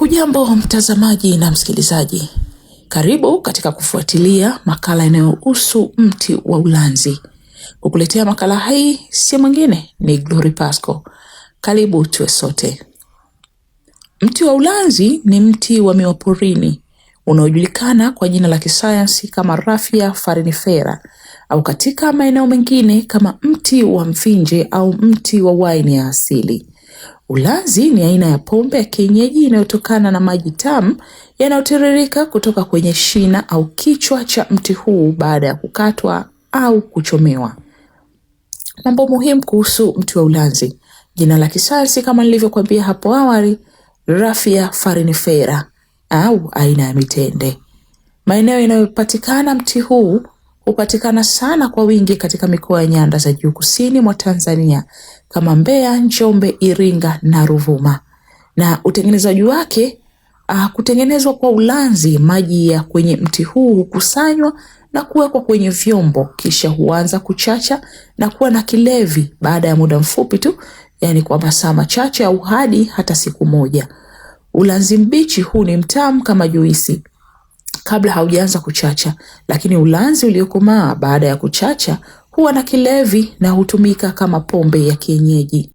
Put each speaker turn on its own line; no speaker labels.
Hujambo mtazamaji na msikilizaji, karibu katika kufuatilia makala inayohusu mti wa ulanzi. Kukuletea makala hii si mwingine ni Glory Pasco. Karibu tuwe sote. Mti wa ulanzi ni mti wa mioporini unaojulikana kwa jina la kisayansi kama Raphia farinifera au katika maeneo mengine kama mti wa mvinje au mti wa waini ya asili. Ulanzi ni aina ya pombe ya kienyeji inayotokana na maji tamu yanayotiririka kutoka kwenye shina au kichwa cha mti huu baada ya kukatwa au kuchomewa. Mambo muhimu kuhusu mti wa ulanzi: jina la kisayansi kama nilivyokuambia hapo awali, Raphia farinifera au aina ya mitende. Maeneo yanayopatikana mti huu hupatikana sana kwa wingi katika mikoa ya nyanda za juu kusini mwa Tanzania kama Mbeya, Njombe, Iringa na Ruvuma, na utengenezaji wake uh, kutengenezwa kwa ulanzi. Maji ya kwenye mti huu hukusanywa na kuwekwa kwenye vyombo, kisha huanza kuchacha na kuwa na kilevi baada ya muda mfupi tu, yani kwa masaa machache au hadi hata siku moja. Ulanzi mbichi huu ni mtamu kama juisi kabla haujaanza kuchacha, lakini ulanzi uliokomaa baada ya kuchacha huwa na kilevi na hutumika kama pombe ya kienyeji.